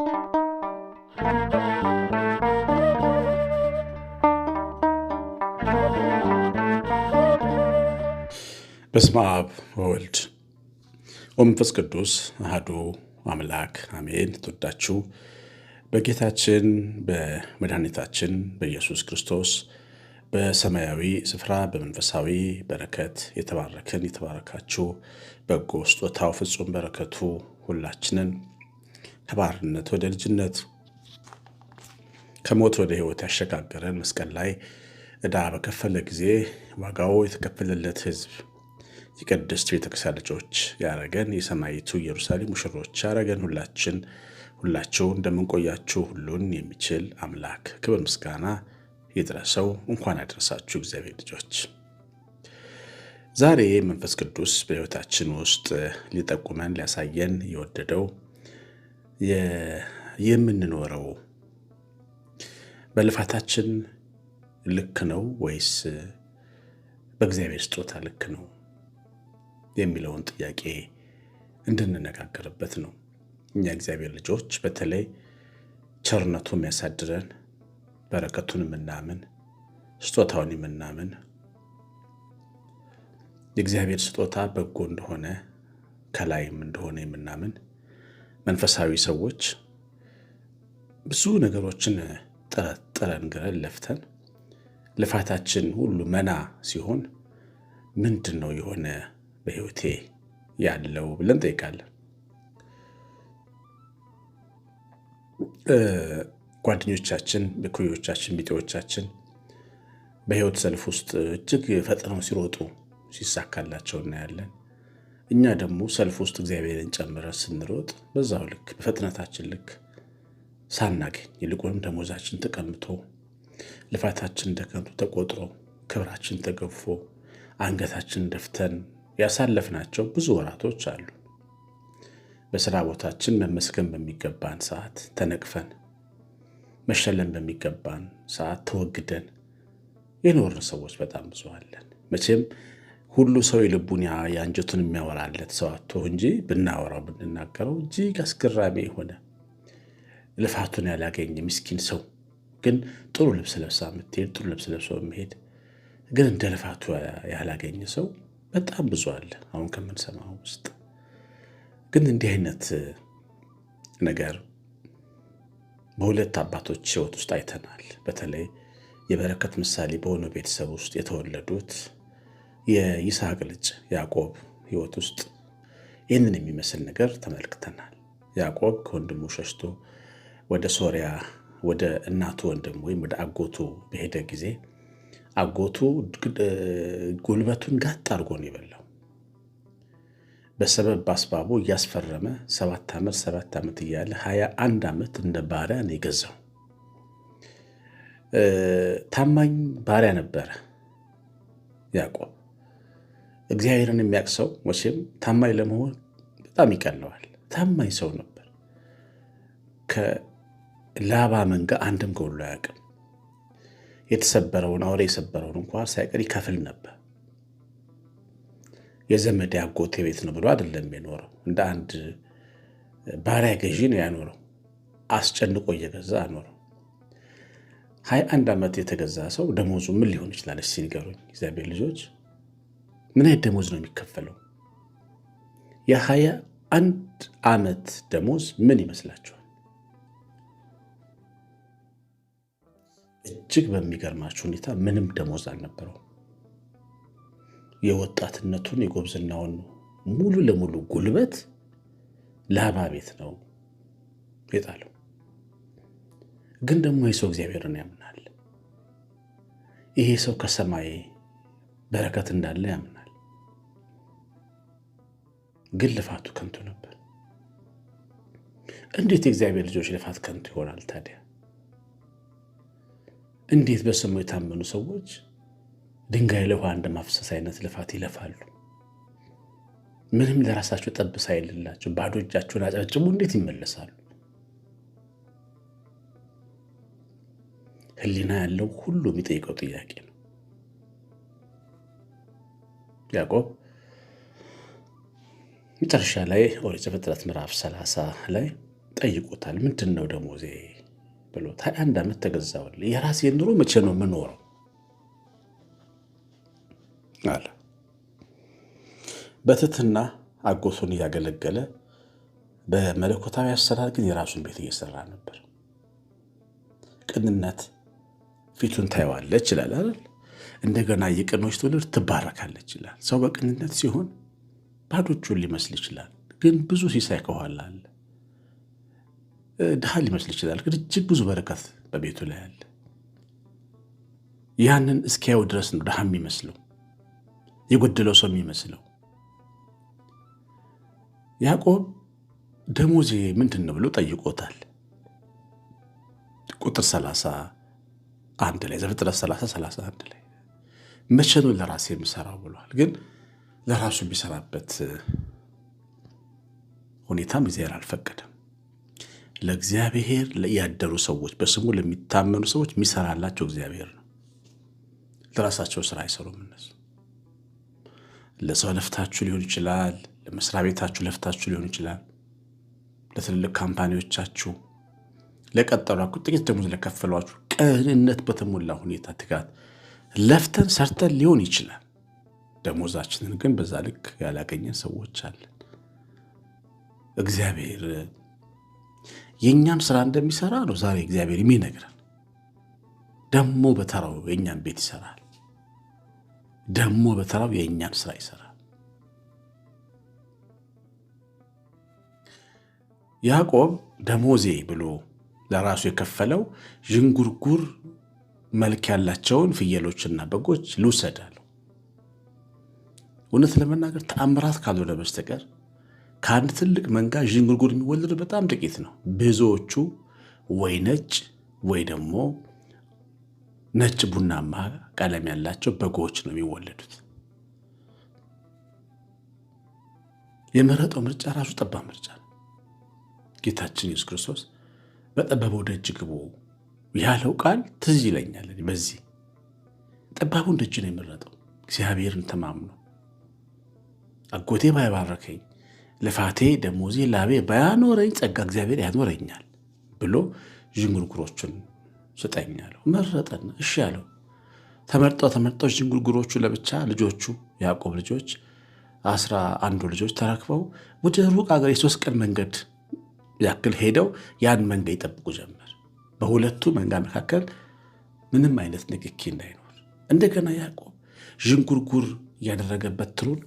በስመ አብ ወወልድ ወመንፈስ ቅዱስ አህዱ አምላክ አሜን። ተወዳችሁ በጌታችን በመድኃኒታችን በኢየሱስ ክርስቶስ በሰማያዊ ስፍራ በመንፈሳዊ በረከት የተባረክን የተባረካችሁ በጎ ስጦታው ፍጹም በረከቱ ሁላችንን ከባርነት ወደ ልጅነት ከሞት ወደ ህይወት ያሸጋገረን መስቀል ላይ እዳ በከፈለ ጊዜ ዋጋው የተከፈለለት ህዝብ የቅድስት ቤተክርስቲያን ልጆች ያረገን የሰማይቱ ኢየሩሳሌም ሙሽሮች ያረገን ሁላችን ሁላችሁ እንደምንቆያችሁ ሁሉን የሚችል አምላክ ክብር ምስጋና ይድረሰው። እንኳን ያደረሳችሁ እግዚአብሔር ልጆች። ዛሬ መንፈስ ቅዱስ በህይወታችን ውስጥ ሊጠቁመን ሊያሳየን የወደደው የምንኖረው? በልፋታችን ልክ ነው ወይስ በእግዚአብሔር ስጦታ ልክ ነው የሚለውን ጥያቄ እንድንነጋገርበት ነው። እኛ እግዚአብሔር ልጆች በተለይ ቸርነቱ የሚያሳድረን በረከቱን የምናምን ስጦታውን የምናምን የእግዚአብሔር ስጦታ በጎ እንደሆነ ከላይም እንደሆነ የምናምን መንፈሳዊ ሰዎች ብዙ ነገሮችን ጥረት ጥረን ግረን ለፍተን ልፋታችን ሁሉ መና ሲሆን ምንድን ነው የሆነ በህይወቴ ያለው ብለን እንጠይቃለን። ጓደኞቻችን፣ እኩዮቻችን፣ ቢጤዎቻችን በህይወት ሰልፍ ውስጥ እጅግ ፈጥነው ሲሮጡ ሲሳካላቸው እናያለን። እኛ ደግሞ ሰልፍ ውስጥ እግዚአብሔርን ጨምረ ስንሮጥ በዛው ልክ በፍጥነታችን ልክ ሳናገኝ ይልቁንም ደሞዛችን ተቀምቶ ልፋታችን እንደከንቱ ተቆጥሮ ክብራችን ተገፎ አንገታችን ደፍተን ያሳለፍናቸው ብዙ ወራቶች አሉ። በስራ ቦታችን መመስገን በሚገባን ሰዓት ተነቅፈን፣ መሸለም በሚገባን ሰዓት ተወግደን የኖርን ሰዎች በጣም ብዙ አለን። መቼም ሁሉ ሰው የልቡን የአንጀቱን የሚያወራለት ሰው አቶ እንጂ ብናወራው ብንናገረው እጅግ አስገራሚ የሆነ ልፋቱን ያላገኘ ምስኪን ሰው ግን ጥሩ ልብስ ለብሳ የምትሄድ ጥሩ ልብስ ለብሶ የሚሄድ ግን እንደ ልፋቱ ያላገኘ ሰው በጣም ብዙ አለ። አሁን ከምንሰማው ውስጥ ግን እንዲህ አይነት ነገር በሁለት አባቶች ሕይወት ውስጥ አይተናል። በተለይ የበረከት ምሳሌ በሆነ ቤተሰብ ውስጥ የተወለዱት የይስሐቅ ልጅ ያዕቆብ ህይወት ውስጥ ይህንን የሚመስል ነገር ተመልክተናል። ያዕቆብ ከወንድሙ ሸሽቶ ወደ ሶሪያ ወደ እናቱ ወንድም ወይም ወደ አጎቱ በሄደ ጊዜ አጎቱ ጉልበቱን ጋጥ አድርጎ ነው የበላው። በሰበብ በአስባቡ እያስፈረመ ሰባት ዓመት ሰባት ዓመት እያለ ሀያ አንድ ዓመት እንደ ባሪያ ነው የገዛው። ታማኝ ባሪያ ነበረ ያዕቆብ። እግዚአብሔርን የሚያውቅ ሰው መቼም ታማኝ ለመሆን በጣም ይቀለዋል። ታማኝ ሰው ነበር። ከላባ መንጋ አንድም ጎሎ አያውቅም። የተሰበረውን አውሬ የሰበረውን እንኳ ሳይቀር ይከፍል ነበር። የዘመድ አጎቴ ቤት ነው ብሎ አይደለም የኖረው። እንደ አንድ ባሪያ ገዢ ነው ያኖረው። አስጨንቆ እየገዛ አኖረው። ሀያ አንድ ዓመት የተገዛ ሰው ደሞዙ ምን ሊሆን ይችላል? ሲንገሩኝ እግዚአብሔር ልጆች ምን አይነት ደሞዝ ነው የሚከፈለው? የሀያ አንድ ዓመት ደሞዝ ምን ይመስላችኋል? እጅግ በሚገርማችሁ ሁኔታ ምንም ደሞዝ አልነበረው። የወጣትነቱን የጎብዝናውን ሙሉ ለሙሉ ጉልበት ላባ ቤት ነው የጣለው። ግን ደግሞ የሰው እግዚአብሔርን ያምናል። ይሄ ሰው ከሰማይ በረከት እንዳለ ያምናል። ግን ልፋቱ ከንቱ ነበር። እንዴት የእግዚአብሔር ልጆች ልፋት ከንቱ ይሆናል ታዲያ? እንዴት በስሙ የታመኑ ሰዎች ድንጋይ ለውሃ እንደማፍሰስ አይነት ልፋት ይለፋሉ? ምንም ለራሳቸው ጠብሳ አይልላቸው ባዶ እጃቸውን አጨብጭቡ እንዴት ይመለሳሉ? ህሊና ያለው ሁሉ የሚጠይቀው ጥያቄ ነው። ያዕቆብ መጨረሻ ላይ ኦሪት ዘፍጥረት ምዕራፍ 30 ላይ ጠይቁታል። ምንድን ነው ደሞዜ ብሎት 21 ዓመት ተገዛሁልህ የራሴን ኑሮ መቼ ነው የምኖረው አለ። በትህትና አጎቱን እያገለገለ በመለኮታዊ አሰራር ግን የራሱን ቤት እየሰራ ነበር። ቅንነት ፊቱን ታየዋለች ይላል አይደል? እንደገና የቅኖች ትውልድ ትባረካለች ይላል። ሰው በቅንነት ሲሆን ባዶ እጁን ሊመስል ይችላል፣ ግን ብዙ ሲሳይ ከኋላ አለ። ድሃ ሊመስል ይችላል፣ ግን እጅግ ብዙ በረከት በቤቱ ላይ አለ። ያንን እስኪያዩ ድረስ ነው ድሃ የሚመስለው የጎደለው ሰው የሚመስለው። ያዕቆብ ደሞዜ ምንድን ነው ብሎ ጠይቆታል። ቁጥር 31 ላይ ዘፍጥረት 30 31 ላይ መቼ ነው ለራሴ የምሰራው ብሏል ግን ለራሱ የሚሰራበት ሁኔታም እግዚአብሔር አልፈቀደም። ለእግዚአብሔር ያደሩ ሰዎች፣ በስሙ ለሚታመኑ ሰዎች የሚሰራላቸው እግዚአብሔር ነው። ለራሳቸው ስራ አይሰሩም። እነሱ ለሰው ለፍታችሁ ሊሆን ይችላል፣ ለመስሪያ ቤታችሁ ለፍታችሁ ሊሆን ይችላል፣ ለትልልቅ ካምፓኒዎቻችሁ ለቀጠሯችሁ፣ ጥቂት ደግሞ ለከፈሏችሁ፣ ቅንነት በተሞላ ሁኔታ ትጋት ለፍተን ሰርተን ሊሆን ይችላል ደሞዛችንን ግን በዛ ልክ ያላገኘ ሰዎች አለን። እግዚአብሔር የእኛን ስራ እንደሚሰራ ነው ዛሬ እግዚአብሔር የሚነግረን። ደሞ በተራው የእኛን ቤት ይሰራል። ደሞ በተራው የእኛን ስራ ይሰራል። ያዕቆብ ደሞዜ ብሎ ለራሱ የከፈለው ዥንጉርጉር መልክ ያላቸውን ፍየሎችና በጎች ልውሰዳል እውነት ለመናገር ተአምራት ካልሆነ በስተቀር ከአንድ ትልቅ መንጋ ዥንጉርጉር የሚወለድ በጣም ጥቂት ነው። ብዙዎቹ ወይ ነጭ ወይ ደግሞ ነጭ ቡናማ ቀለም ያላቸው በጎች ነው የሚወለዱት። የመረጠው ምርጫ ራሱ ጠባብ ምርጫ ነው። ጌታችን ኢየሱስ ክርስቶስ በጠበበው ደጅ ግቡ ያለው ቃል ትዝ ይለኛል። በዚህ ጠባቡን ደጅ ነው የመረጠው እግዚአብሔርን ተማምኖ አጎቴ ባይባረከኝ ልፋቴ ደሞዜ ላቤ ባያኖረኝ ጸጋ እግዚአብሔር ያኖረኛል ብሎ ዥንጉርጉሮቹን ስጠኝ አለው። መረጠና እሺ አለው። ተመርጠው ተመርጦ ዥንጉርጉሮቹ ለብቻ ልጆቹ ያዕቆብ ልጆች አስራ አንዱ ልጆች ተረክበው ወደ ሩቅ ሀገር የሶስት ቀን መንገድ ያክል ሄደው ያን መንጋ ይጠብቁ ጀመር። በሁለቱ መንጋ መካከል ምንም አይነት ንክኪ እንዳይኖር እንደገና ያዕቆብ ዥንጉርጉር እያደረገበት ትሉን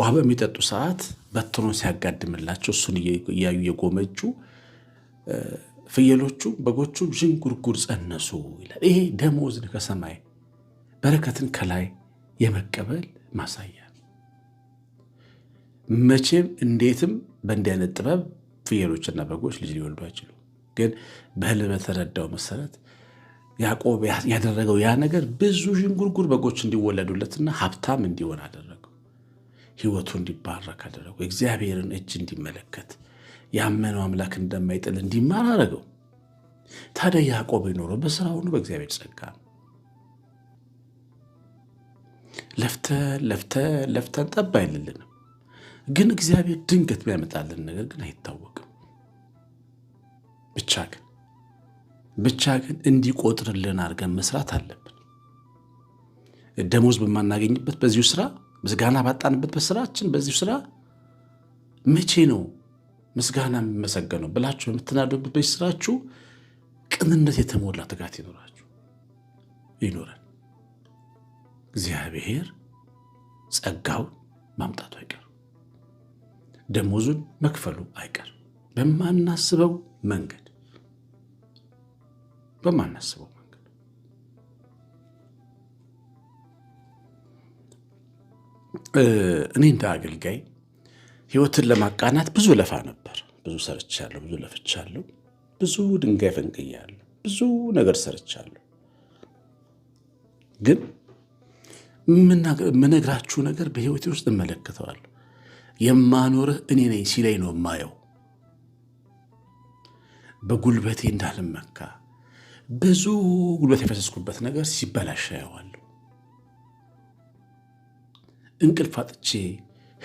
ውሃ በሚጠጡ ሰዓት በትሩን ሲያጋድምላቸው እሱን እያዩ የጎመጁ ፍየሎቹ፣ በጎቹ ዥንጉርጉር ጸነሱ ይላል። ይሄ ደመወዝን ከሰማይ በረከትን ከላይ የመቀበል ማሳያ ነው። መቼም እንዴትም በእንዲህ አይነት ጥበብ ፍየሎችና በጎች ልጅ ሊወልዱ አይችሉ። ግን በህልም በተረዳው መሰረት ያዕቆብ ያደረገው ያ ነገር ብዙ ዥንጉርጉር በጎች እንዲወለዱለትና ሀብታም እንዲሆን አደረገ። ህይወቱ እንዲባረክ አደረገው። እግዚአብሔርን እጅ እንዲመለከት ያመነው አምላክ እንደማይጥል እንዲማር አደረገው። ታዲያ ያዕቆብ የኖረው በስራ ሁሉ በእግዚአብሔር ጸጋ ነው። ለፍተን ለፍተን ለፍተን ጠብ አይልልንም፣ ግን እግዚአብሔር ድንገት ቢያመጣልን ነገር ግን አይታወቅም። ብቻ ግን ብቻ ግን እንዲቆጥርልን አድርገን መስራት አለብን። ደሞዝ በማናገኝበት በዚሁ ስራ ምስጋና ባጣንበት በስራችን በዚህ ስራ መቼ ነው ምስጋና የሚመሰገነው ብላችሁ በምትናደዱበት በዚህ ስራችሁ ቅንነት የተሞላ ትጋት ይኖራችሁ ይኖረን። እግዚአብሔር ጸጋውን ማምጣቱ አይቀር፣ ደሞዙን መክፈሉ አይቀር። በማናስበው መንገድ በማናስበው እኔ እንደ አገልጋይ ህይወትን ለማቃናት ብዙ ለፋ ነበር። ብዙ ሰርቻለሁ፣ ብዙ ለፍቻለሁ፣ ብዙ ድንጋይ ፈንቅያለሁ፣ ብዙ ነገር ሰርቻለሁ። ግን የምነግራችሁ ነገር በህይወቴ ውስጥ እመለከተዋለሁ። የማኖርህ እኔ ነኝ ሲለኝ ነው የማየው። በጉልበቴ እንዳልመካ ብዙ ጉልበት የፈሰስኩበት ነገር ሲበላሽ ያየዋል። እንቅልፍ አጥቼ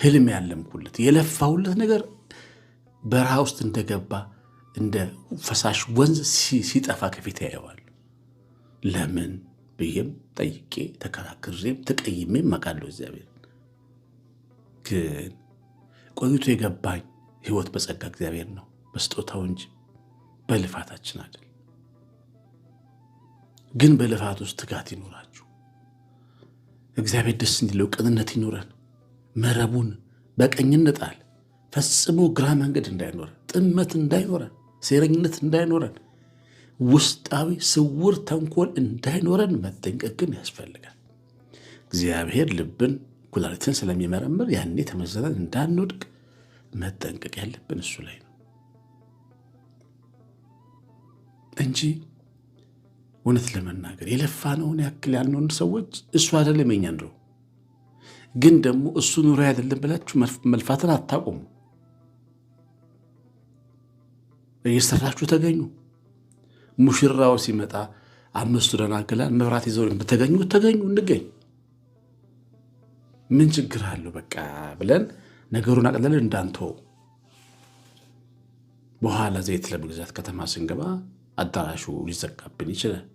ህልም ያለምኩለት የለፋሁለት ነገር በረሃ ውስጥ እንደገባ እንደ ፈሳሽ ወንዝ ሲጠፋ ከፊት ያየዋል። ለምን ብዬም ጠይቄ ተከራክሬም ተቀይሜ አውቃለሁ። እግዚአብሔር ግን ቆይቶ የገባኝ ህይወት በጸጋ እግዚአብሔር ነው በስጦታው እንጂ በልፋታችን አይደል። ግን በልፋት ውስጥ ትጋት ይኖራችሁ። እግዚአብሔር ደስ እንዲለው ቅንነት ይኖረን መረቡን በቀኝ እንጣል። ፈጽሞ ግራ መንገድ እንዳይኖረን፣ ጥመት እንዳይኖረን፣ ሴረኝነት እንዳይኖረን፣ ውስጣዊ ስውር ተንኮል እንዳይኖረን መጠንቀቅ ግን ያስፈልጋል። እግዚአብሔር ልብን ኩላሊትን ስለሚመረምር ያኔ ተመዘለን እንዳንወድቅ መጠንቀቅ ያለብን እሱ ላይ ነው እንጂ እውነት ለመናገር የለፋነውን ያክል ያልነውን ሰዎች እሱ አይደለም የኛ እንደው ግን ደግሞ እሱ ኑሮ አይደለም ብላችሁ መልፋትን አታቆሙ። እየሰራችሁ ተገኙ። ሙሽራው ሲመጣ አምስቱ ደናግላን መብራት ይዘው ተገኙ። ተገኙ እንገኝ ምን ችግር አለው? በቃ ብለን ነገሩን አቅለልን እንዳንተው። በኋላ ዘይት ለመግዛት ከተማ ስንገባ አዳራሹ ሊዘጋብን ይችላል።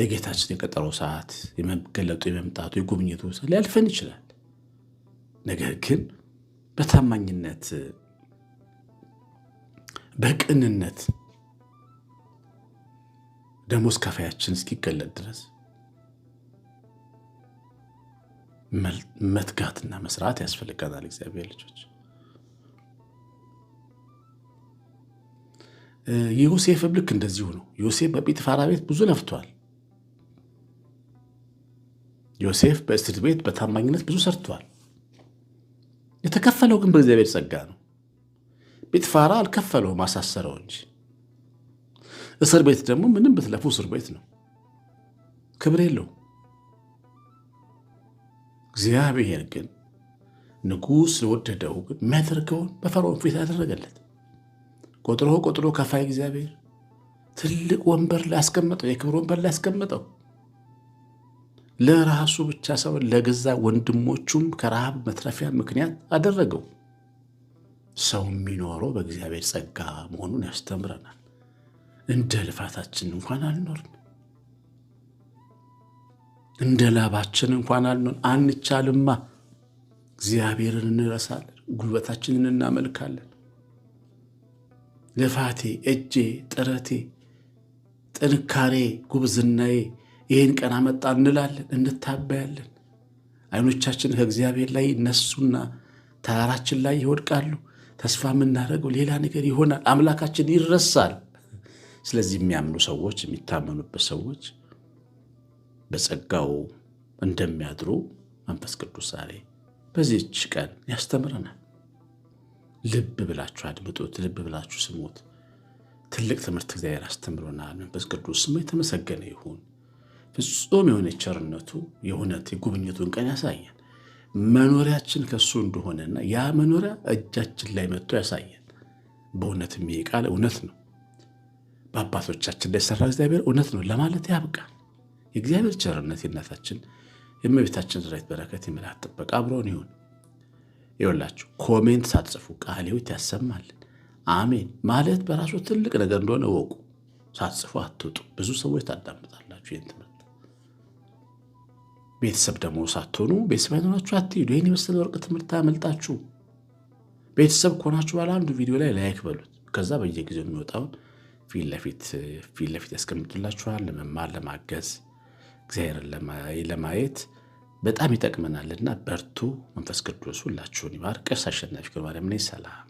የጌታችን የቀጠሮ ሰዓት የመገለጡ የመምጣቱ የጉብኝቱ ሊያልፈን ይችላል። ነገር ግን በታማኝነት በቅንነት ደሞዝ ከፋያችን እስኪገለጥ ድረስ መትጋትና መስራት ያስፈልገናል። እግዚአብሔር ልጆች የዮሴፍም ልክ እንደዚሁ ነው። ዮሴፍ በጲጥፋራ ቤት ብዙ ለፍቷል። ዮሴፍ በእስር ቤት በታማኝነት ብዙ ሰርቷል። የተከፈለው ግን በእግዚአብሔር ጸጋ ነው። ጲጥፋራ አልከፈለውም፣ አሳሰረው እንጂ። እስር ቤት ደግሞ ምንም ብትለፉ እስር ቤት ነው፣ ክብር የለው። እግዚአብሔር ግን ንጉሥ ለወደደው ግን የሚያደርገውን በፈርዖን ፊት ያደረገለት ቆጥሮ ቆጥሮ ከፋይ እግዚአብሔር ትልቅ ወንበር ላስቀመጠው የክብር ወንበር ላስቀመጠው ለራሱ ብቻ ሳይሆን ለገዛ ወንድሞቹም ከረሃብ መትረፊያ ምክንያት አደረገው። ሰው የሚኖረው በእግዚአብሔር ጸጋ መሆኑን ያስተምረናል። እንደ ልፋታችን እንኳን አልኖርም፣ እንደ ላባችን እንኳን አልኖር። አንቻልማ። እግዚአብሔርን እንረሳለን፣ ጉልበታችንን እናመልካለን ልፋቴ፣ እጄ፣ ጥረቴ፣ ጥንካሬ፣ ጉብዝናዬ ይህን ቀን አመጣ እንላለን፣ እንታበያለን። አይኖቻችን ከእግዚአብሔር ላይ እነሱና ተራራችን ላይ ይወድቃሉ። ተስፋ የምናደርገው ሌላ ነገር ይሆናል። አምላካችን ይረሳል። ስለዚህ የሚያምኑ ሰዎች የሚታመኑበት ሰዎች በጸጋው እንደሚያድሩ መንፈስ ቅዱስ ዛሬ በዚች ቀን ያስተምረናል። ልብ ብላችሁ አድምጡት፣ ልብ ብላችሁ ስሙት። ትልቅ ትምህርት እግዚአብሔር አስተምሮናል። መንፈስ ቅዱስ ስሙ የተመሰገነ ይሁን። ፍጹም የሆነ ቸርነቱ የእውነት የጉብኝቱን ቀን ያሳየን። መኖሪያችን ከእሱ እንደሆነና ያ መኖሪያ እጃችን ላይ መጥቶ ያሳየን። በእውነት ይህ ቃል እውነት ነው። በአባቶቻችን ላይ የሰራ እግዚአብሔር እውነት ነው ለማለት ያብቃል። የእግዚአብሔር ቸርነት የእናታችን የእመቤታችን ዝራይት በረከት የመላት ጥበቃ አብሮን ይሁን። ይወላችሁ ኮሜንት ሳትጽፉ ቃለ ሕይወት ያሰማልን። አሜን ማለት በራሱ ትልቅ ነገር እንደሆነ ወቁ። ሳትጽፉ አትውጡ። ብዙ ሰዎች ታዳምጣላችሁ ይህን ትምህርት። ቤተሰብ ደግሞ ሳትሆኑ ቤተሰብ አይኖራችሁ አትሄዱ። ይህን የመሰለ ወርቅ ትምህርት አያመልጣችሁ። ቤተሰብ ከሆናችሁ ባለ አንዱ ቪዲዮ ላይ ላይክ በሉት። ከዛ በየጊዜው የሚወጣውን ፊት ለፊት ፊት ለፊት ያስቀምጡላችኋል። ለመማር ለማገዝ እግዚአብሔርን ለማየት በጣም ይጠቅመናልና በርቱ። መንፈስ ቅዱስ ሁላችሁን ይባርክ። ቀሲስ አሸናፊ ገብረማርያም ነኝ። ሰላም